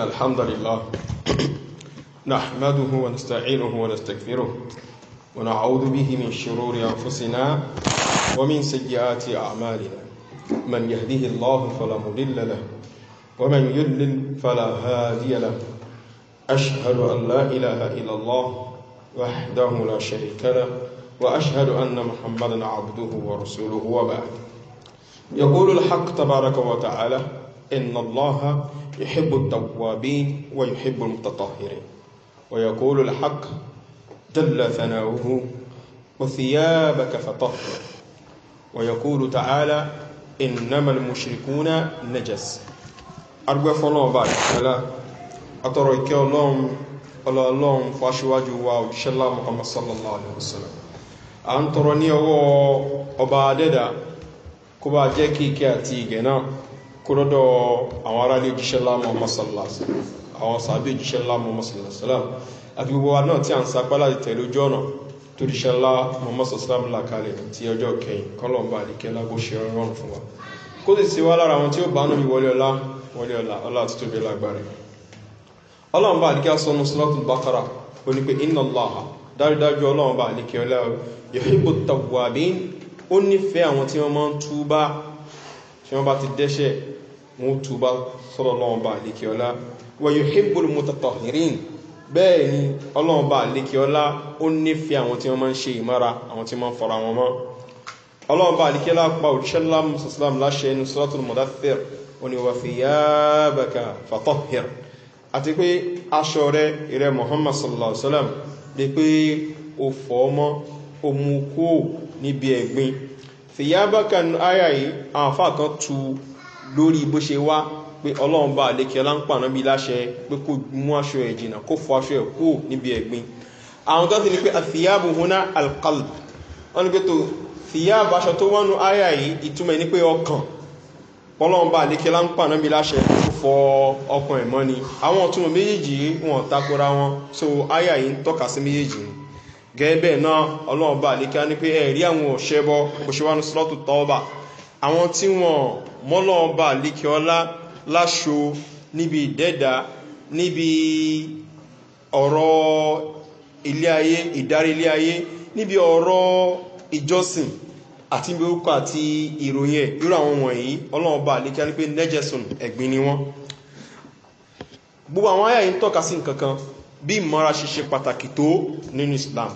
إن الحمد لله نحمده ونستعينه ونستكفره ونعوذ به من شرور أنفسنا ومن سيئات أعمالنا من يهده الله فلا مضل له ومن يضلل فلا هادي له أشهد أن لا إله إلا الله وحده لا شريك له وأشهد أن محمدا عبده ورسوله وبعد يقول الحق تبارك وتعالى إن الله يحب التوابين ويحب المتطهرين ويقول الحق جل ثناؤه وثيابك فطهر ويقول تعالى إنما المشركون نجس أرجو فلان بعد فلا أترك لهم ولا لهم فاشواج واو شلا محمد صلى الله عليه وسلم أن ترني أو أبادة كبا جاكي كاتيجنا kúrọ́dọ̀ àwọn ará ilé jíṣẹ́ láàmú mọ́sálásí àwọn sàbí jíṣẹ́ láàmú mọ́sálásí àti gbogbo wa náà tí a ń sapá láti tẹ̀lé ojú ọ̀nà tó jíṣẹ́ lá mọ́mọ́sọ̀sílámù làkalẹ̀ ti ọjọ́ kẹyìn kọ́lọ̀mbà àdìkẹ́ lágbó ṣe rọrùn fún wa kó sì sí wá lára àwọn tí ó bá náà wọlé ọlá wọlé ọlá ọlá tó tóbi lágbára ọlọ́mbà àdìkẹ́ sọnù sọ́tún bákàrà ó ní pé iná láha dájúdájú ọlọ́mbà àdìkẹ́ ọlá yòókù tàwàbí ó nífẹ̀ẹ́ àwọn tí wọ́n máa ń túbá tí wọ́n bá ti dẹ́ṣẹ̀ wọn túbá sọ́rọ̀ lọ́wọ́ba àlékiọlá wa yuhibbul mutatahhirin bẹ́ẹ̀ ni ọlọ́wọ́ba àlékiọlá ó nífẹ̀ẹ́ àwọn tí wọ́n máa ń ṣe ìmára àwọn tí wọ́n fọ́ra wọn mọ́ ọlọ́wọ́ba àlékiọlá pa òṣìṣẹ́lá musulam láṣẹ ẹnu suratul mudaththir oní kan tu lórí bó ṣe wá pé ọlọ́run bá àlékè ọláńpà náà bí láṣẹ pé kó mú aṣọ ẹ̀ jìnnà kó fọ aṣọ ẹ̀ kúrò níbi ẹ̀gbin àwọn kan sì ní pé àfìyàbù húnà alqalb wọn ní pé tó fìyàbù aṣọ tó wọnú àyà yìí ìtumọ̀ ní pé ọkàn ọlọ́run bá àlékè ọláńpà náà bí láṣẹ kó fọ ọkàn ẹ̀ mọ́ àwọn ọ̀túnmọ̀ méjèèjì wọn takora wọn so àyà yìí ń tọ́ka sí méjèèjì ni gẹ́gẹ́ bẹ́ẹ̀ náà ọlọ́run bá àlékè á ní pé ẹ̀rí àwọn òṣèbọ àwọn tí wọ́n mọ́lọ́ọba líkẹ́ọ́lá láṣo níbi ìdẹ́dà níbi ọ̀rọ̀ ilé ayé ìdarí ilé ayé níbi ọ̀rọ̀ ìjọsìn àti níbi orúkọ àti ìròyìn ẹ̀ irú àwọn wọ̀nyí ọlọ́ọba líkẹ́ọ́lá ní pé nẹ́jẹ̀sùn ẹ̀gbin ni wọ́n gbogbo àwọn ayà yìí ń tọ́ka sí nǹkan kan bí ìmọ́ra ṣe ṣe pàtàkì tó nínú islam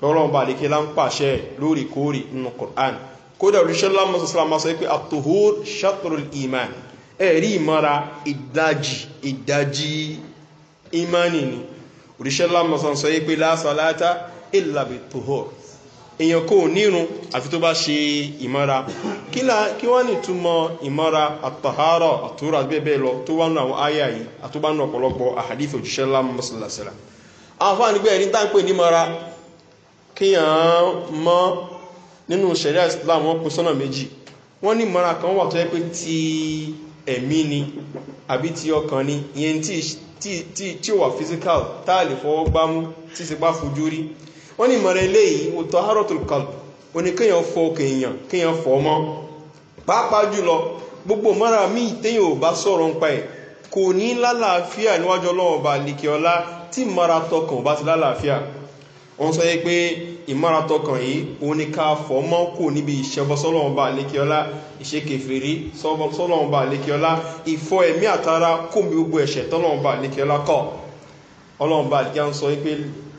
tọ́lọ́ọba líkẹ́ọ́lá ń pàṣẹ lóòrèkóòrè nínú quran kódà olùṣọ́lá mọ́sàlámà sọ pé àtòhór ṣàtòrò ìmán ẹ̀rí ìmọ́ra ìdájì ìdájì ìmánì ni olùṣọ́lá mọ́sàlámà sọ pé lásàlátà ìlàbẹ̀ tòhór èèyàn kò nírun àfi tó bá ṣe ìmọ́ra kí wá nìtumọ̀ ìmọ́ra àtàhárọ̀ àtúrà bẹ́ẹ̀ lọ tó wá nù àwọn àyà yìí àtúbánu ọ̀pọ̀lọpọ̀ àhàdífì òjíṣẹ́lá mọ́sàlásẹ́lá àwọn fáwọn nígbà tá nínú sẹ̀ríà islam wọ́n pín sọ́nà méjì wọ́n ní ìmọ̀ra kan wà tó yẹ pé ti ẹ̀mí ni àbí ti ọkàn ni ìyẹn tí ó wà physical tá a lè fọwọ́ gbámú tí ti bá fojú rí wọ́n ní ìmọ̀ra eléyìí ó tọ́ harold kalb ó ní kéèyàn fọ kéèyàn kéèyàn fọ ọmọ pàápàá jùlọ gbogbo mọ́ra míì téèyàn ò bá sọ̀rọ̀ nípa ẹ̀ kò ní lálàáfíà níwájú ọlọ́wọ́ bá lékè ọlá tí ìmọ̀ra tọkàn ò bá ti lálàáfíà wọ́n sọ yé pé ìmáratọ̀ kan yìí òun ni ká fọ́ mọ́ kò níbi ìṣẹ́bọ sọ́lọ́wọ́n bá lékeọlá ìṣekèfèrí sọ́lọ́wọ́n bá lékeọlá ìfọ ẹ̀mí àtara kò bí gbogbo ẹ̀ṣẹ̀ tọ́lọ́wọ́n bá lékeọlá kọ́ ọlọ́wọ́n bá lékeọlá ń sọ yé pé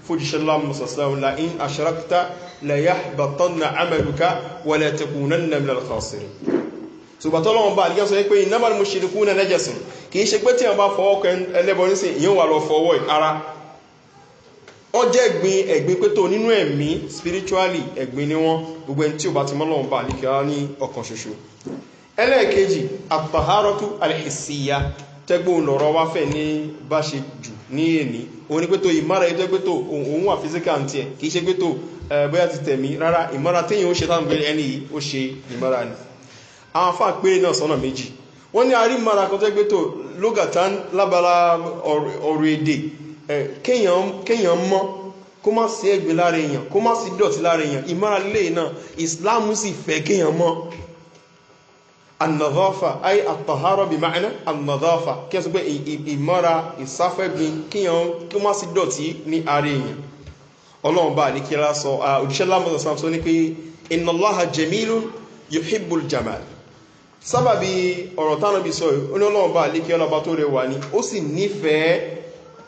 fújíṣẹ́ lámùsọ̀sọ́lọ́wọ́n la in àṣàràkítà lẹ́yà bàtọ́nà amẹ́lùká wọlé tẹkùnún nàmìlẹ̀ náà tó jẹ́ ẹ̀gbin ẹ̀gbin pé tó nínú ẹ̀mí spiritually ẹ̀gbin ni wọ́n gbogbo ẹni tí ó bá ti mọ́lọ̀ ń bá àlìkìrá ní ọkàn ṣoṣo ẹlẹ́ẹ̀kejì àtàhárọ́tú àlẹ́hìsíyá tẹ́gbọ́n lọ́rọ́ wá fẹ́ ní bá ṣe jù ní èní òun ni pé tó ìmára ẹni tó pé tó òun wà físíkà ń tiẹ̀ kì í ṣe pé tó bóyá ti tẹ̀mí rárá ìmára téèyàn ó ṣe táwọn ẹni yìí ó ṣe ìmára ni àwọn afá péré náà sọ́nà méjì wọ́n ní arí mara kéèyàn mọ́ kó má sí ẹgbẹ́ lára èèyàn kó má sí dọ̀tí lára èèyàn ìmọ́ra lè náà islam sì fẹ́ kéèyàn mọ́ annadhafa ay at-tahara bi ma'na annadhafa kí ẹ sọ pé ìmọ́ra ìsáfẹ́gbin kéèyàn kó má sí dọ̀tí ní ara èèyàn ọlọ́run bá ní kíra sọ òjíṣẹ́ lámọ́sọ̀ sam sọ ní pé inna allaha jamilun yuhibbul jamal sábàbí ọ̀rọ̀ tánàbí sọ yìí ó ní ọlọ́run bá ní kí ọlọ́ba tó rẹwà ni ó sì nífẹ̀ẹ́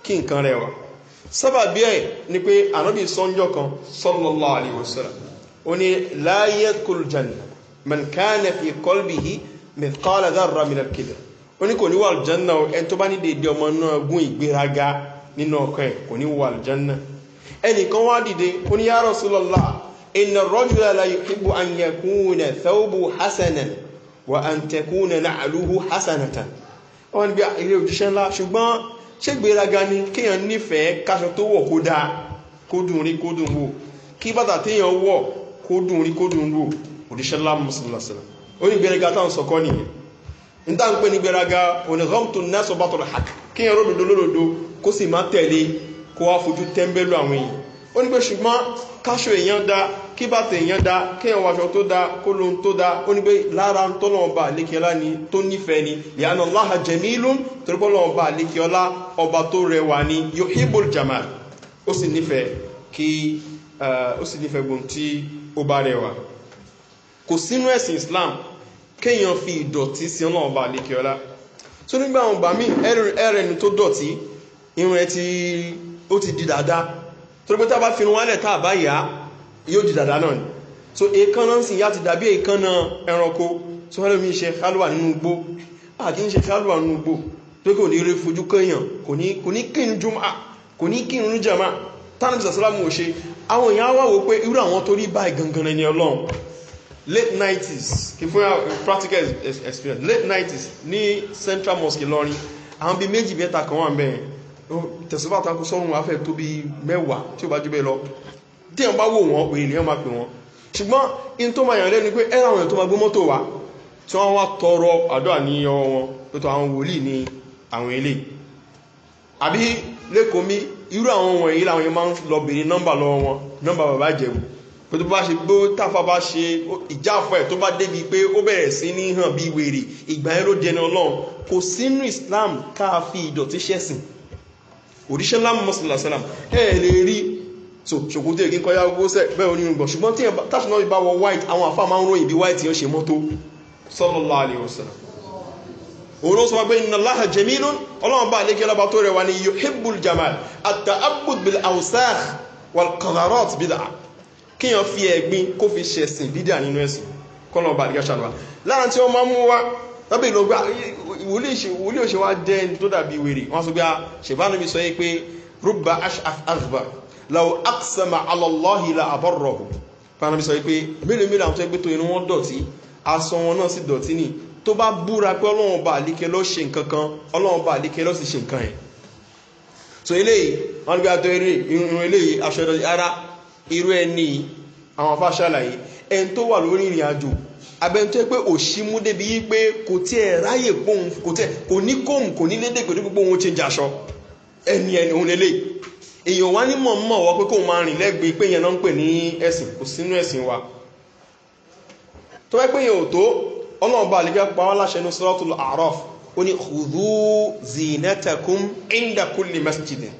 kí nǹkan rẹwà sábàbí ẹ̀ ni pé ànábì sọ́njọ́ kan sallallahu alaihi wasallam ó ní la yadkhul janna man kana fi qalbihi mithqala dharra min al-kibr ó ní kò ní wà aljanna ẹni tó bá ní dèdè ọmọ náà gún ìgbéraga nínú ọkọ ẹ̀ kò ní wà aljanna ẹnìkan wá dìde ó ní ya Rasulullah inna ar-rajula la yuhibbu ṣé gbéraga ni kéèyàn nífẹ̀ẹ́ káṣọ tó wọ̀ kó dáa kó dùn rí kó dùn wò kí bàtà téèyàn wọ̀ kó dùn rí kó dùn wò òdíṣẹ́ lámùsùlùmùsùlù oní gbéraga táwọn sọkọ́ nìyẹn n tá pè ní gbéraga òní rọ́mùtò náà sọ bàtọ̀ hàk kéèyàn ròdòdó lòdòdó kó sì má tẹ̀lé kó wá fojú tẹ́ńbẹ́lú àwọn èèyàn ó ní pé ṣùgbọ́n káṣọ èèyàn da kí bàtà èèyàn dá kéèyàn wàṣọ tó dá kó lóhun tó dá ó ní pé lára ń tọ́lọ̀ ọba àlékiọlá ni tó nífẹ̀ẹ́ ni ìyànà láha jẹ̀mí ló torípọ́lọ̀ ọba àlékiọlá ọba tó rẹwà ni yohibol jamal ó sì nífẹ̀ẹ́ kí ó sì nífẹ̀ẹ́ gbòm tí ó bá rẹwà kò sínú ẹ̀sìn islam kéèyàn fi ìdọ̀tí sí ọlọ́run ọba àlékiọlá tó nígbà àwọn ọba míì ẹrẹ̀ni tó dọ̀tí irun ẹ ti ó ti di dáadáa torípé tá a bá finu wálẹ̀ tá a bá yá yóò di dàda náà ni so èèkan náà sì yá ti dàbí èèkan náà ẹranko tó wọ́n lè mi ṣe kálùwà nínú igbó àti ń ṣe kálùwà nínú igbó tó kò ní rí fojú kẹyàn kò ní kí n jùmọ̀ kò ní kí n rí jàmá tánàbí sàsálàmù ò ṣe àwọn èèyàn wà wò pé irú àwọn tó rí báyìí gangan ni ọlọ́run late nineties s kí fún yà practical experience late nineties s ní central mosque lọ́rin àwọn bíi méjì mẹ́ta kan wà mẹ́rin tẹ̀sífà takú sọ́run afẹ́ tó bí mẹ́wàá tí ó bá jú bẹ́ lọ tí wọ́n bá wò wọ́n òye ni wọ́n máa pè wọ́n ṣùgbọ́n in tó máa yàn lẹ́nu pé ẹ́rà àwọn èèyàn tó máa gbé mọ́tò wá tí wọ́n wá tọrọ àdó àníyàn wọn pẹ̀tọ́ àwọn wòlíì ní àwọn ilé àbí lẹ́kọ̀ọ́ mi irú àwọn wọ̀nyí làwọn yẹn máa ń lọ bèrè nọ́mbà lọ́wọ́ wọn nọ́mbà bàbá ìjẹ̀bù pé tó bá ṣe bó táfà bá ṣe ìjáfọ́ ẹ̀ tó bá débi pé ó bẹ̀rẹ̀ sí ní hàn bí wèrè ìgbà yẹn ló ọlọ́run kò sínú islam káà fi ìdọ̀tí ṣẹ̀sìn òdíṣẹ́ lámùmọ́sílàsálàm ẹ lè rí so ṣòkòtò èké kọjá gbogbo sẹ bẹ́ẹ̀ onírun gbọ̀n ṣùgbọ́n tí táṣùnà bá wọ white àwọn àfa máa ń ròyìn bí white yẹn ṣe mọ́tò sọ́lọ́lá àlèwòsàn òun ló sọ wá pé ìnàláhà jẹ́mílùn ọlọ́run bá àlékè ọlọ́ba tó rẹwà ní yohibbul jamal àtà abud bil ausakh wal qadarot bidà kíyàn fi ẹ̀gbin kó fi ṣẹ̀sìn bídà nínú ẹ̀sìn kọ́lọ́run bá ṣàlùwà láàrín tí wọ́n máa mú wá tọ́bí ìlú gbá ìwúlé òṣè wá jẹ́ tó dàbí wèrè wọ́n sọ gbá ah, ṣèbánu mi sọ yí pé rúbà ashafazba láwọ aksama alọ́lọ́hìlá àbọ̀rọ̀hù fana mi sọ yí pé mélòó mélòó àwọn tó ẹgbẹ́ tó inú wọn dọ̀tí aṣọ wọn náà sì dọ̀tí ni tó bá búra pé ọlọ́run bá àlékẹ́ lọ́ ṣe nǹkan kan ọlọ́run bá àlékẹ́ lọ́ sì ṣe nǹkan yẹn so eléyìí wọn gbé àtọ ara irú ẹni àwọn afáṣàlàyé ẹni tó wà lórí ìrìn àjò abẹ́ntọ́ pé òṣìmú débi yí pé kò tí ẹ̀ ráyè pòun kò tí ẹ̀ kò ní kóhùn kò ní lédè pẹ̀lú gbogbo ohun ti ń jaṣọ ẹni ẹni òun lélẹ̀ èèyàn wá ní mọ̀ọ́mọ̀ wọ pé kóun máa rìn lẹ́gbẹ̀ẹ́ pé yẹn náà ń pè ní ẹ̀sìn kò sínú ẹ̀sìn wa tó bá pé yẹn ò tó ọlọ́ọ̀bá àlejò pa wá láṣẹ ní sọ́tò àárọ̀ ó ní ọ̀dù zinatakum inda masjidin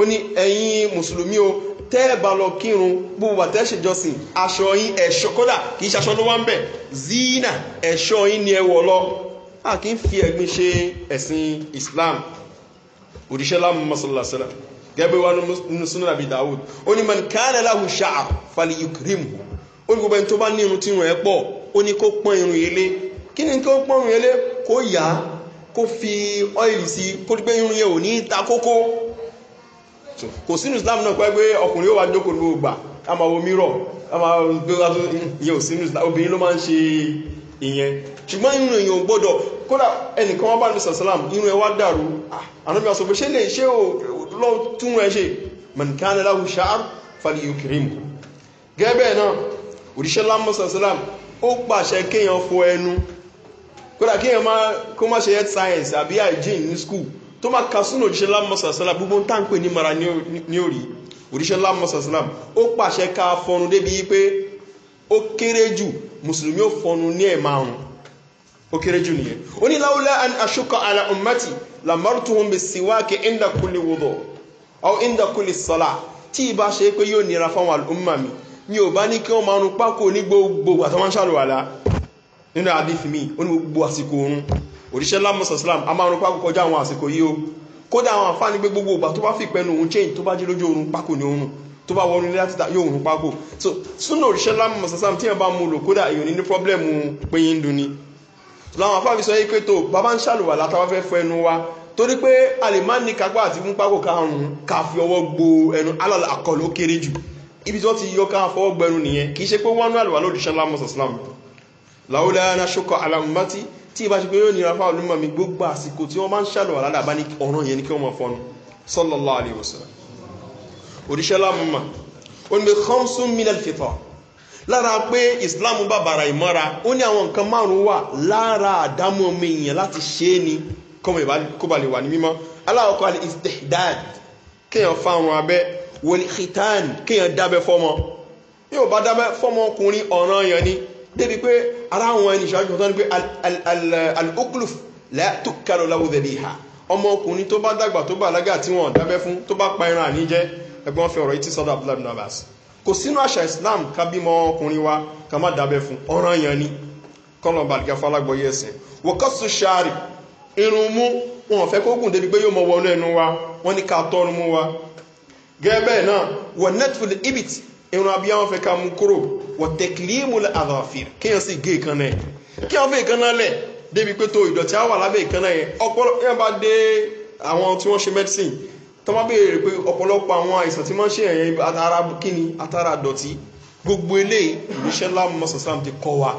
ó ní ẹ̀yin mùsùlùmí o tẹ́ ẹ̀ bá lọ kírun gbogbo àtẹ́ ṣèjọsìn aṣọ yín ẹ̀ṣọ́ kódà kì í ṣaṣọ ló wá ń bẹ̀ zina ẹ̀ṣọ́ yín ni ẹ wọ̀ lọ a kì í fi ẹ̀gbin ṣe ẹ̀sìn islam òdìṣẹ́ láàmú mọ́sálásálà gẹ́gẹ́ wà nínú sunan àbí dawud ó ní man káàlẹ̀ láhù ṣáà fali yukrim ó ní gbogbo ẹni tó bá ní irun tí irun ẹ pọ̀ ó ní kó pọ́n irun yìí lé kí ni kó pọ́n irun yìí kó yá kó fi ọ́ìlì kò sínú islam náà pẹ́ pé ọkùnrin ó wà jókòó ní gbogbo a máa wo mírọ̀ a máa gbé wá tó ìyẹn ò sínú islam obìnrin ló máa ń ṣe ìyẹn ṣùgbọ́n inú èèyàn ò gbọ́dọ̀ kódà ẹnìkan wá bá ní sàlám inú ẹ wá dàrú ah, àná mi ṣé lè ṣé ò lọ tún ẹ ṣe mọ̀nìkan aláwù ṣáàrù fàlì yukirimu gẹ́gẹ́ náà òdíṣẹ́ lámọ́ sàlám ó pàṣẹ kéèyàn fọ ẹnu kódà kéèyàn má kó má ṣe health science àbí hygiene ní school tó máa ka súnà òjíṣẹ́ lámọ́sàsálà gbogbo ń tàǹpé ní mara ní òrí òjíṣẹ́ lámọ́sàsálà ó pàṣẹ ká fọnu débi pé ó kéré jù mùsùlùmí ó fọnu ní ẹ̀ márùn ó kéré jù nìyẹn ó ní láwùlá an aṣọ́kọ ala ummati lamartuhum bi siwaki inda kulli wudu aw inda kulli sala tí ìbá ṣe pé yóò nira fáwọn al'umma mi mi ò bá ní kí wọ́n máa nu pákó mi ó ní òṣìṣẹ́ lámọ̀sán islam a máa ń pa kọjá àwọn àsìkò yìí o kódà àwọn àǹfààní pé gbogbo ìgbà tó bá fi pẹnu òun change tó bá jí lójú oorun pákó ni oorun tó bá wọnú ilé láti ta yóò oorun pákó so súnà òṣìṣẹ́ lámọ̀sán islam tí yẹn bá mu lò kódà èèyàn ní pọ́blẹ́mù péye ń dunni làwọn àfáàfi sọ yìí pé tó bàbá ń ṣàlùwà látàwọn fẹ́ fọ ẹnu wa torí pé a lè má ní kápá àti fún pákó karùn-ún ká fi ọwọ́ gbo ẹnu alàlà àkọlù ó kéré jù ibi tí wọ́n ti yọ ká fọwọ́ gbẹnu nìyẹn kì í ṣe pé wọ́n ń àlùwà lòdì ṣẹlá mọ́sán islam làwọn ilẹ̀ aṣọkọ̀ alàmúbátì tí ìbá ṣe pé yóò nira fáwọn onímọ̀ mi gbogbo àsìkò tí wọ́n máa ń ṣàlùwà ládàbá ní ọ̀ràn yẹn ni kí wọ́n mọ̀ fọ́nu sọ́lọ́lá àlèwòsàn òdíṣẹ́ lámùmá ó ní khamsun minal fitr lára pé islam bá bàrà ìmọ́ra ó ní àwọn nǹkan márùn-ún wà lára àdámọ́ ọmọ èèyàn láti ṣe é ni kọ́mọ ìbálẹ̀ wà ní mímọ́ aláwọ̀kọ́ alẹ́ istihdad kéèyàn fáwọn abẹ́ wọlé khitan kéèyàn dábẹ́ fọ́mọ yóò bá dábẹ́ fọ́mọ ọkùnrin ọ̀ràn yẹn ni débi pé ara àwọn ẹni ìṣáájú ọ̀tọ́ ni pé al-ukluf la tukkalu lahu dhabiha ọmọ ọkùnrin tó bá dàgbà tó bàlágà tí wọ́n dábẹ́ fún tó bá pa ẹran àní jẹ ẹgbọ́n fi ọ̀rọ̀ yìí ti sọ́dọ̀ abdullahi bin kò sínú àṣà islam ká bímọ ọkùnrin wa ká má dábẹ́ fún ọ̀ràn yẹn ni kọ́lọ̀ balùkẹ́ falágbọ́yé ẹ̀sìn wọ́kọ́sù ṣáàrì irun mú wọn fẹ́ kó débi pé yóò mọ wa wọ́n ní ká tọ́run mú wa gẹ́gẹ́ irun abíyá wọn fẹ́ ká mú kúrò wọ̀tẹ̀kìlímù àdàfíìr kéèyàn sì gé ìkànnà ẹ̀ kí wọ́n fẹ́ ìkànnà lẹ̀ débi pé tó ìdọ̀tí á wà lábẹ́ ìkànnà yẹn ọpọlọ yẹn bá dé àwọn tí wọ́n ṣe medicine tó má béèrè pé ọ̀pọ̀lọpọ̀ àwọn àìsàn tí wọ́n ṣe ẹ̀yẹn atara kíni atara dọ̀tí gbogbo eléyìí ìrìṣẹ́ ńlá mọ́sàsàm ti kọ́ wa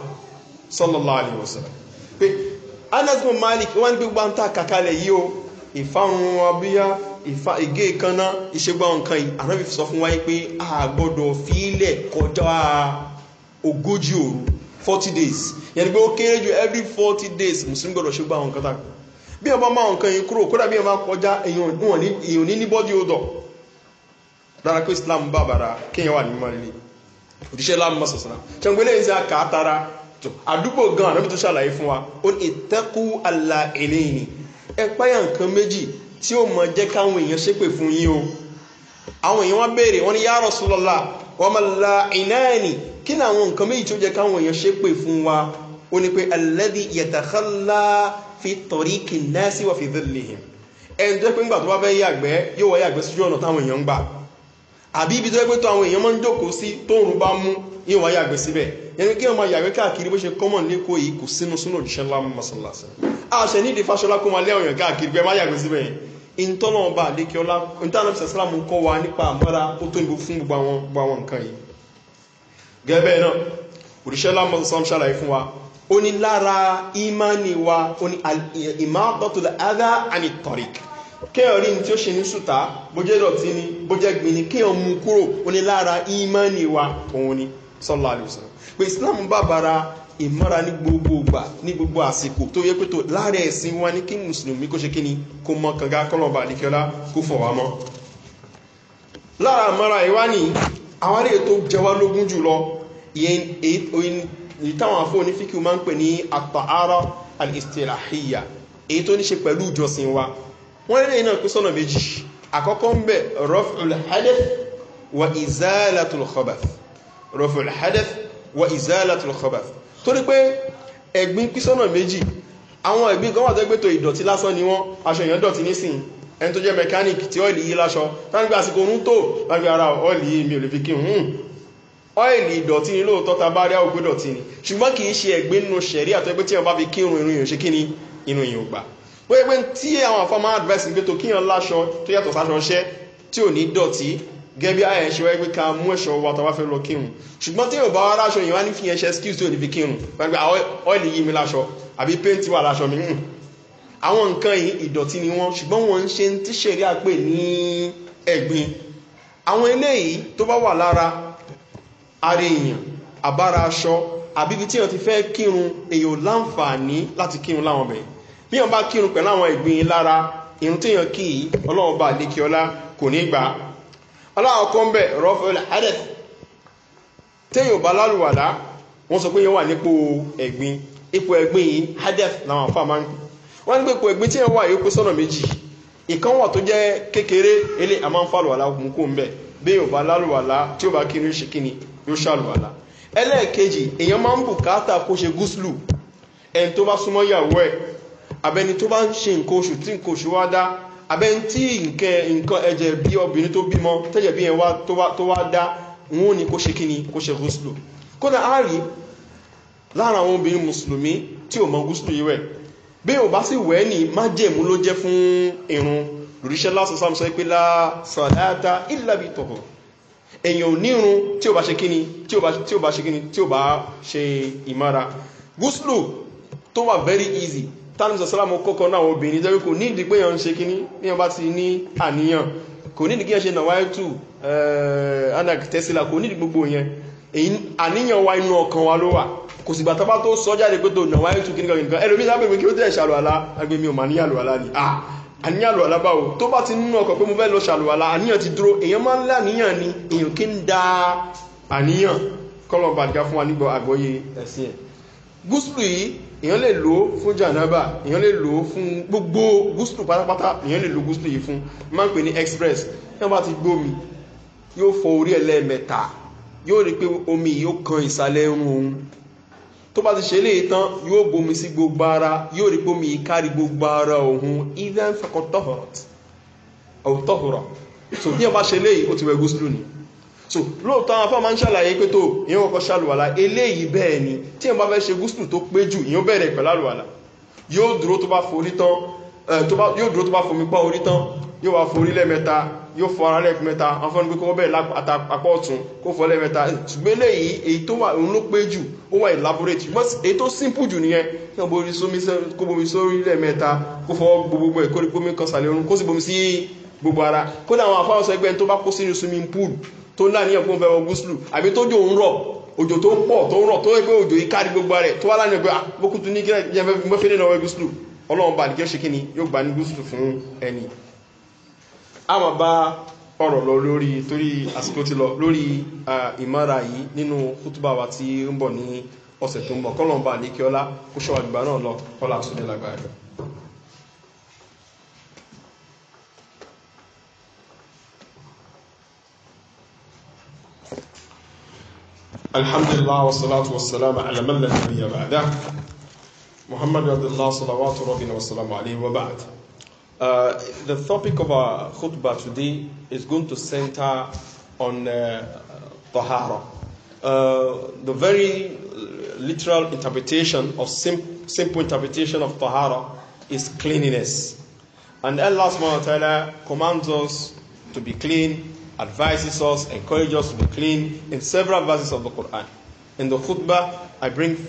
ìfa ìgé ìkanná ìṣègbà nǹkan yìí ànábì sọ fún wáyé pé a gbọ́dọ̀ fílẹ̀ kọjá ogójì òru forty days yẹn pé ó kéré ju every forty days mùsùlùmí gbọ́dọ̀ ṣègbà nǹkan tà bí ọba máa nǹkan yìí kúrò kódà bí ọba kọjá èèyàn ní ní bọ́dí ó dọ̀ dára pé islam bá bàrà kéèyàn wà ní mọ́lẹ́lẹ́ òjíṣẹ́ láàmú sọ̀sọ̀rọ̀ ṣàǹgbélé ń sẹ́ àkàtara tó àdúgbò gan ànábì tó ṣàlàyé fún wa ó ní ìtẹ́kù àlà èlé ìní ẹ páyà nǹkan méjì tí ó mọ̀ jẹ́ káwọn èèyàn ṣépè fún yín o àwọn èèyàn wọ́n béèrè wọ́n ní yá Rasulullah wọ́n máa la ìnáàní kí ni àwọn nǹkan méjì tó jẹ́ káwọn èèyàn ṣépè fún wa ó ní pé alladhi yatakhalla fi tariqi nnasi wa fi dhillihim ẹni tó pé ńgbà tó bá fẹ́ yàgbẹ́ yóò wá yàgbẹ́ síjú ọ̀nà táwọn èèyàn ń gbà àbí ibi tó pé tó àwọn èèyàn máa ń jókòó sí tóòrùn bá mú yóò wá yàgbẹ́ síbẹ̀ yẹn kí ọmọ yàwé káàkiri bó ṣe kọ́mọ̀ lẹ́kọ̀ọ́ yìí kò sínú sínú òjíṣẹ́ ńlá masalasa àṣẹ nídìí fàṣọlá kó máa lẹ́wọ̀n yàn káàkiri bẹ́ẹ̀ má yàgò síbẹ̀ ìtọ́nà ọba àdékíọ́lá ìtànà ìsàsílámù kọ́ wa nípa àmọ́ra ó tó níbo fún gbogbo àwọn nǹkan yìí gẹ́gẹ́ náà òjíṣẹ́ ńlá masalasa ṣàlàyé fún wa ó ní lára ìmánì wa ó ní ìmáàtọ́tò tí ó ṣe ní sùtá bójẹ́ dọ̀tí ni bójẹ́ gbin ni kéèyàn mú kúrò ó ní lára wa òun ni sọ́lá àlùsàn pé islam bàbára ìmọ́ra ní gbogbo ìgbà ní gbogbo àsìkò tó yẹ pé tó láàrẹ ẹ̀sìn wa ní kí mùsùlùmí kó ṣe kí ni kó mọ kànga kọlọ̀bà àdìkẹ́lá kó fọ̀ wá mọ́ lára àmọ́ra ìwá ní àwárí ètò jẹwa lógún jùlọ èyí táwọn afọ́ onífíkì wọ izalatul khabath torí pé ẹ̀gbin písọ́nà méjì àwọn ẹ̀gbin kan wà tó gbẹ́tò ìdọ̀tí lásán ni wọ́n aṣọ èèyàn dọ̀tí nísìn ẹni tó jẹ́ mechanic tí ọ́ìlì yí láṣọ láti àsìkò orun tó láti ara ọ́ìlì yí mi ò lè fi kí hùn hmm, ọ́ìlì ìdọ̀tí ni lóòótọ́ ta bá rí àwògbé dọ̀tí ni ṣùgbọ́n kì í ṣe ẹ̀gbin nínú ṣẹ̀rí àtọ́gbé tí wọ́n bá fi kí irun irun ìrìnṣẹ́ kí ni inú ìyìn ògbà wọ́n yẹ pé tí àwọn àfọ́mọ́ advice ń gbé tó kíyàn láṣọ tó yàtọ̀ sáṣọ ṣẹ́ tí ò ní dọ̀tí gẹ́bí ayẹ̀ ṣe wáyé pé ká mú ẹ̀ṣọ́ wa tàbá fẹ́ lọ kírun ṣùgbọ́n tí yóò bá wá láṣọ yìí wá ní fi ẹ̀ṣẹ́ skills tí ò ní fi kírun pẹ̀lú ọ́ìlì ah, yìí mi láṣọ àbí paint wà láṣọ mi hùn hmm. àwọn nǹkan yìí ìdọ̀tí ni wọ́n ṣùgbọ́n wọ́n ń ṣe ń tí ṣẹ̀rí àpè ní ẹ̀gbin àwọn eléyìí tó bá wà lára ara èèyàn àbára aṣọ àbí ibi tí èèyàn ti fẹ́ kírun èèyàn láǹfààní láti kírun láwọn bẹ̀ bí èèyàn bá kírun pẹ̀lú àwọn ẹ̀gbin lára irun tí èèyàn kì í ọlọ́run bá lékè ọlá kò ní gbà á aláàkọ́ ń bẹ̀ rọ́fẹ́ ẹ̀dẹ̀ tẹ́yìn ò bá lálùwàlá wọ́n sọ pé yẹn wà nípò ẹ̀gbin ipò ẹ̀gbin yìí hadef làwọn afá máa ń pè wọ́n ní pé ipò ẹ̀gbin tí yẹn wà yóò pé sọ́nà méjì ìkan wà tó jẹ́ kékeré ilé àmáfàlùwàlá mú ń bẹ̀ bí yóò bá tí ó bá kí ní ṣe ni yóò ṣàlùwàlá ẹlẹ́ẹ̀kejì èèyàn máa ń bùkátà kó ṣe gúúsùlù ẹni tó bá súnmọ́ yàwó ẹ̀ abẹni tó bá ń ṣe nǹkan oṣù tí nǹkan oṣù wá dá abẹ́ ń tí nkẹ́ nǹkan ẹ̀jẹ̀ bí obìnrin tó bímọ tẹ́jẹ̀ bí ẹwà tó wá dá wọn ni kó ṣe kíni kó ṣe gúúsùlù kódà á rí lára àwọn obìnrin mùsùlùmí tí ò mọ gúúsùlù yìí wẹ̀ bí ò bá sì wẹ̀ ní májẹ̀mú ló jẹ́ fún irun lòríṣẹ́ lásán sáà sọ pé lásàdáta ìlàbí tọ̀họ̀ èèyàn ò nírun tí ò bá ṣe kíni tí ò bá ṣe kíni tí ò bá ṣe ìmára gúúsùlù tó wà very easy tánìsọ̀ sálàmù kọ́kọ́ náà àwọn obìnrin jẹ́ kò ní ìdí pé yàn ń ṣe kíní ní ọba ti ní àníyàn kò ní ìdí kí yàn ṣe nàwáyé tù eh, anak tesla kò ní ìdí gbogbo yẹn àníyàn wa inú ọkàn wa ló wà kò sì gbàtọ́ bá tó sọ jáde pé tó nàwáyé tù kíníkan kíníkan ẹlòmí sábẹ̀ pé kí ó tẹ̀ ṣàlùwàlá agbé mi ò mà níyàn lùwàlá ni à àníyàn lùwàlá báwo tó bá ti nínú ọkàn pé mo fẹ́ lọ ṣàlùwàlá èyàn lè lò ó fún janaba èyàn lè lò ó fún gbogbo gúúsùlù pátápátá èyàn lè lò gúúsùlù yìí fún ma ń pè ní express yẹn bá ti gbómi yóò fọ orí ẹlẹ́ẹ̀mẹ́ta yóò rí pé omi yóò kan ìsàlẹ̀ irun òun tó bá ti ṣe lè tán yóò bomi sí gbogbo ara yóò rí pé omi yìí kárí gbogbo ara òun even fakọtọhọrọ so bí ẹ bá ṣe léyìí ó ti wẹ gúúsùlù nìyí so lóòótọ́ àwọn afọ́ máa ń ṣàlàyé pé tó ìyẹn kọ́kọ́ ṣàlùwàlà eléyìí bẹ́ẹ̀ ni tí ẹ̀ bá fẹ́ ṣe gúúsù tó pé jù ìyẹn bẹ̀rẹ̀ pẹ̀lú àlùwàlà yóò dúró tó bá forí tán yóò dúró tó bá fomi pọ́n orí tán yóò wá forí lẹ́ẹ̀mẹta yóò fọ ara lẹ́ẹ̀mẹta àwọn fọ́nà pé kó bẹ̀rẹ̀ apá ọ̀tún kó fọ lẹ́ẹ̀mẹta ṣùgbọ́n eléyìí èyí tó wà òun ló pé jù ó wà elaborate ṣùgbọ́n èyí tó náà ní ẹ̀kún fẹ́ wọ gúúsùlù àbí tójò ń rọ̀ òjò tó pọ̀ tó ń rọ̀ tó yẹ òjò yìí kárí gbogbo rẹ̀ tó wá láti ẹgbẹ́ bókútù ní kílẹ̀ jẹ́ mẹ́fẹ́ nínú ọwọ́ gúúsùlù ọlọ́run bá nìkẹ́ ṣe kí ni yóò gbà ní gúúsùlù fún ẹni a máa bá ọ̀rọ̀ lọ lórí torí àsìkò ti lọ lórí ìmára yìí nínú kútùbà wa tí ń bọ̀ ní ọ̀sẹ̀ tó ń bọ̀ kọ́lọ̀ ń bá nìkẹ́ ọlá kó ṣọ́wàgbà náà lọ kọ́lá الحمد لله والصلاة والسلام على من لا نبي بعده محمد رضي الله صلوات ربنا والسلام عليه وبعد uh, The topic of our khutbah today is going to center on uh, tahara uh, the very literal interpretation of sim- simple interpretation of tahara is cleanliness and Allah subhanahu wa ta'ala commands us to be clean advises us, encourages us to be clean in several verses of the Quran. In the khutbah, I bring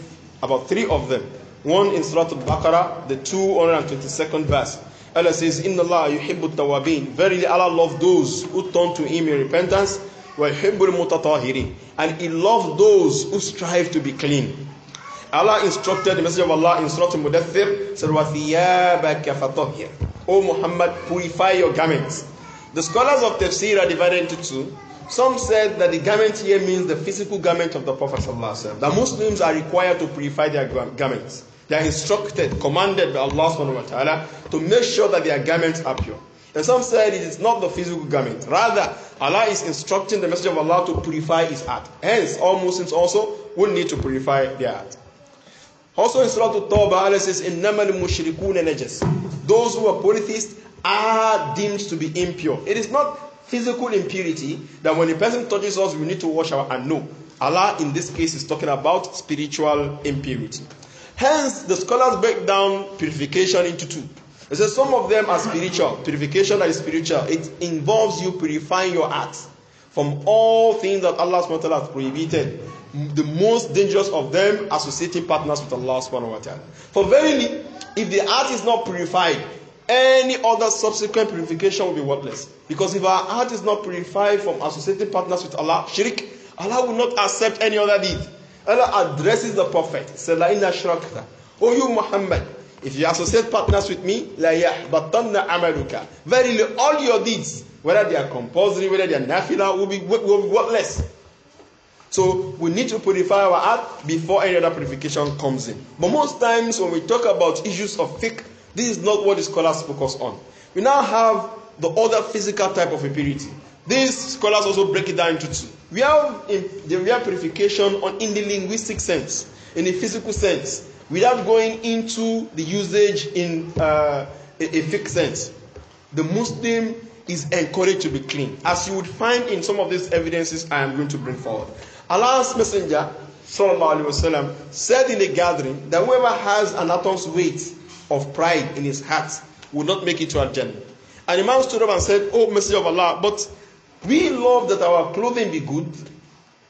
about three of them. One in Surah Al-Baqarah, the 222nd verse. Allah says, Inna Allah yuhibbu tawabin. Verily Allah loves those who turn to Him in repentance. Wa yuhibbu mutatahirin. And He loves those who strive to be clean. Allah instructed the Messenger of Allah in Surah Al-Mudathir, said, وَثِيَابَكَ فَطَهِرْ O Muhammad, purify your garments. The scholars of tafsir are divided into two. Some said that the garment here means the physical garment of the Prophet. That Muslims are required to purify their garments. They are instructed, commanded by Allah subhanahu wa ta'ala to make sure that their garments are pure. And some said it is not the physical garment. Rather, Allah is instructing the Messenger of Allah to purify his heart. Hence, all Muslims also would need to purify their heart. Also in Surah Taubah tawbah Allah says, إِنَّمَا الْمُشْرِكُونَ Those who are polytheists are deemed to be impure. It is not physical impurity that when a person touches us, we need to wash our hands. No. Allah in this case is talking about spiritual impurity. Hence, the scholars break down purification into two. They say some of them are spiritual. Purification that is spiritual. It involves you purifying your heart from all things that Allah subhanahu wa has prohibited. The most dangerous of them associating partners with Allah subhanahu wa ta'ala. For verily, if the heart is not purified, any other subsequent purification will be worthless. Because if our heart is not purified from associating partners with Allah, shirk, Allah will not accept any other deed. Allah addresses the Prophet, Salaina Shrakta, O you Muhammad, if you associate partners with me, la yahbatanna amaluka. Verily, all your deeds, whether they are compulsory, whether they are nafila, will be, will be worthless. So we need to purify our heart before any other purification comes in. But most times when we talk about issues of fiqh, This is not what the scholars focus on. We now have the other physical type of impurity. These scholars also break it down into two. We have the real purification on, in the linguistic sense, in the physical sense, without going into the usage in uh, a, a fixed sense. The Muslim is encouraged to be clean, as you would find in some of these evidences I am going to bring forward. Allah's Messenger wasallam, said in a gathering that whoever has an atom's weight of pride in his heart will not make it to Al Jannah. And man stood up and said, Oh, Messenger of Allah, but we love that our clothing be good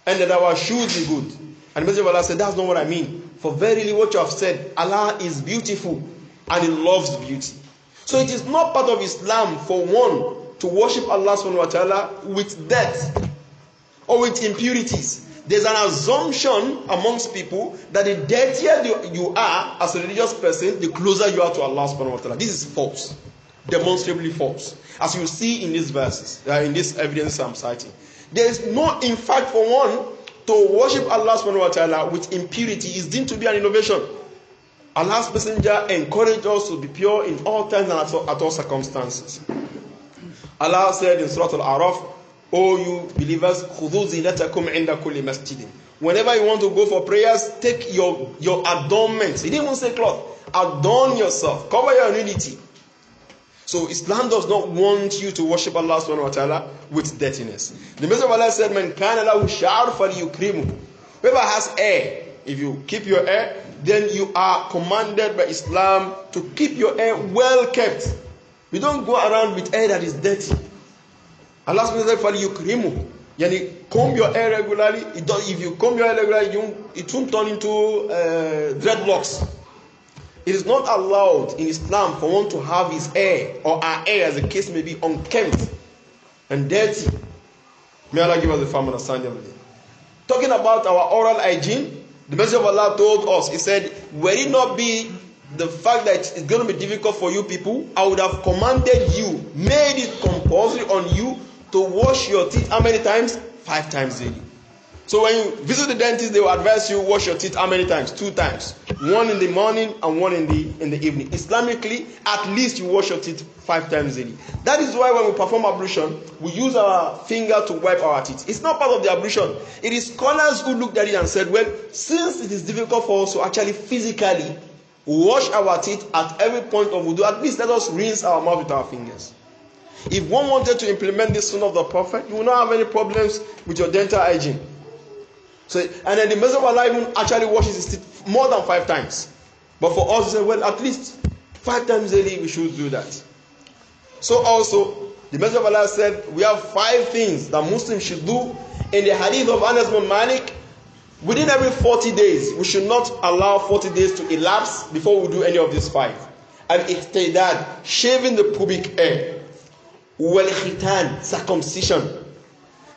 and that our shoes be good. And Messenger of Allah said, That's not what I mean. For verily what you have said, Allah is beautiful and He loves beauty. So it is not part of Islam for one to worship Allah subhanahu wa ta'ala with death or with impurities. There's an assumption amongst people that the dirtier you are as a religious person, the closer you are to Allah subhanahu wa ta'ala. This is false, demonstrably false. As you see in these verses, uh, in this evidence I'm citing. There is no, in fact, for one to worship Allah subhanahu wa ta'ala with impurity is deemed to be an innovation. Allah's messenger encouraged us to be pure in all times and at all, at all circumstances. Allah said in Surah Al-Araf, Oh, you believers, inda kulli masjidin. Whenever you want to go for prayers, take your, your adornment. He didn't even say cloth. Adorn yourself. Cover your nudity. So Islam does not want you to worship Allah subhanahu wa ta'ala with dirtiness. The Messenger of Allah said, Man kana lahu sha'ar falyukrimu. Whoever has hair, if you keep your hair, then you are commanded by Islam to keep your hair well kept. You don't go around with hair that is dirty. Allah said, فَلْيُكْرِمُهُ Yani, comb your hair regularly. It don't, if you comb your hair regularly, you, it won't turn into uh, dreadlocks. It is not allowed in Islam for one to have his hair or her hair, as the case may be, unkempt and dirty. May Allah give us the firm understanding of it. Talking about our oral hygiene, the message of Allah told us, He said, "Were it not be the fact that it's going to be difficult for you people? I would have commanded you, made it compulsory on you to wash your teeth how many times? Five times daily. So when you visit the dentist, they will advise you wash your teeth how many times? Two times. One in the morning and one in the in the evening. Islamically, at least you wash your teeth five times daily. That is why when we perform ablution, we use our finger to wipe our teeth. It's not part of the ablution. It is scholars who looked at it and said, well, since it is difficult for us to actually physically wash our teeth at every point of wudu, at least let us rinse our mouth with our fingers. If one wanted to implement this son of the Prophet, you will not have any problems with your dental hygiene. So, and then the Messenger of Allah even actually washes his teeth more than five times. But for us, say, well, at least five times daily we should do that. So also, the Messenger of Allah said, we have five things that Muslims should do in the hadith of Anas bin Malik. Within every 40 days, we should not allow 40 days to elapse before we do any of these five. And it's that shaving the pubic hair. Walikitan, circumcision.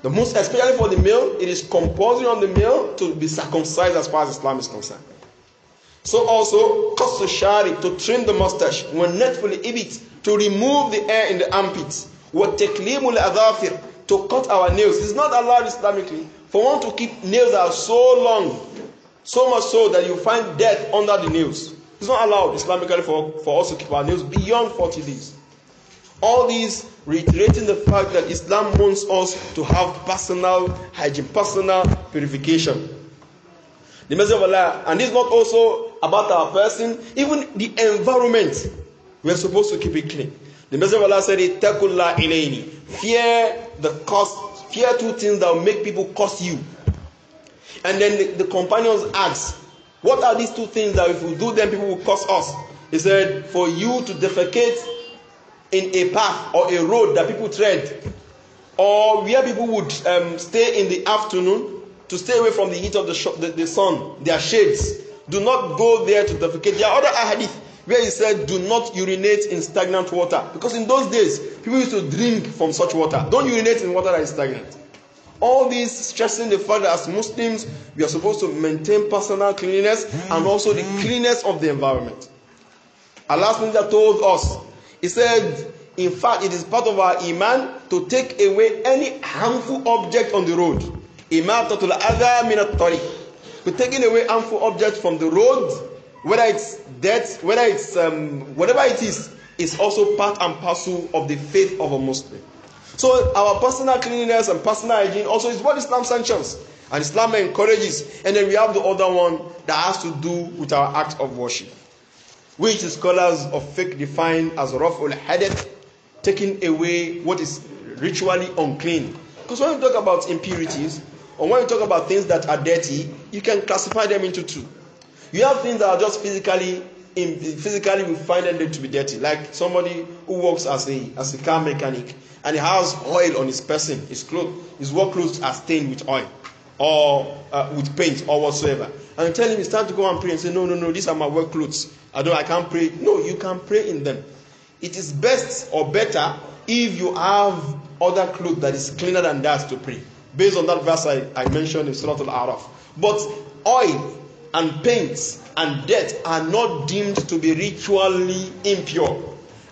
The most especially for the male, it is compulsory on the male to be circumcised as far as Islam is concerned. So also, shari to trim the mustache, when netfully ibit, to remove the hair in the armpits, what teklimul to cut our nails. It's not allowed Islamically for one to keep nails that are so long, so much so that you find death under the nails. It's not allowed Islamically for, for us to keep our nails beyond 40 days. All these reiterating the fact that Islam wants us to have personal hygiene, personal purification. The message of Allah, and this not also about our person, even the environment, we are supposed to keep it clean. The message of Allah said, Itakullah ilayni. Fear the cost, fear two things that will make people curse you. And then the, the companions asked, What are these two things that if we do them, people will curse us? He said, For you to defecate in a path or a road that people tread or where people would um, stay in the afternoon to stay away from the heat of the, the, the sun, their shades. Do not go there to defecate. There are other ahadith where he said, Do not urinate in stagnant water. Because in those days, people used to drink from such water. Don't urinate in water that is stagnant. All these stressing the fact that as Muslims, we are supposed to maintain personal cleanliness and also the cleanliness of the environment. Allah told us He said, in fact, it is part of our iman to take away any harmful object on the road. Imatatul adha minat tariq. We're taking away harmful objects from the road, whether it's death, whether it's um, whatever it is, is also part and parcel of the faith of a Muslim. So our personal cleanliness and personal hygiene also is what Islam sanctions and Islam encourages. And then we have the other one that has to do with our act of worship which scholars of fiqh define as raf'ul hadath, taking away what is ritually unclean. Because when you talk about impurities, or when you talk about things that are dirty, you can classify them into two. You have things that are just physically, in, physically you find them to be dirty, like somebody who works as a as a car mechanic and he has oil on his person, his clothes, his work clothes are stained with oil or uh, with paint or whatsoever and tell him it's time to go and pray and say no no no these are my work clothes i don't i can't pray no you can pray in them it is best or better if you have other clothes that is cleaner than that to pray based on that verse i, I mentioned in surah al-araf but oil and paint and dirt are not deemed to be ritually impure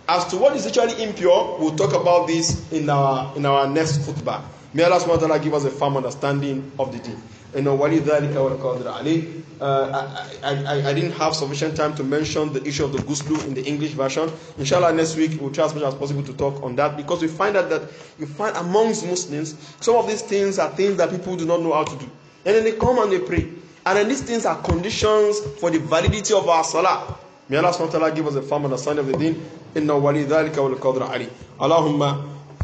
as to what is ritually impure we'll talk about this in our in our next khutbah May Allah subhanahu wa ta'ala give us a firm understanding of the deen. You know, وَلِذَلِكَ وَالْقَادِرَ عَلَيْهِ uh, I, I, I, didn't have sufficient time to mention the issue of the guslu in the English version. Inshallah, next week we'll try as much as possible to talk on that because we find out that you find amongst Muslims some of these things are things that people do not know how to do. And then they come and they pray. And then these things are conditions for the validity of our salah. May Allah subhanahu wa ta'ala give us a firm understanding of the deen. Inna wali dhalika wal qadra ali. Allahumma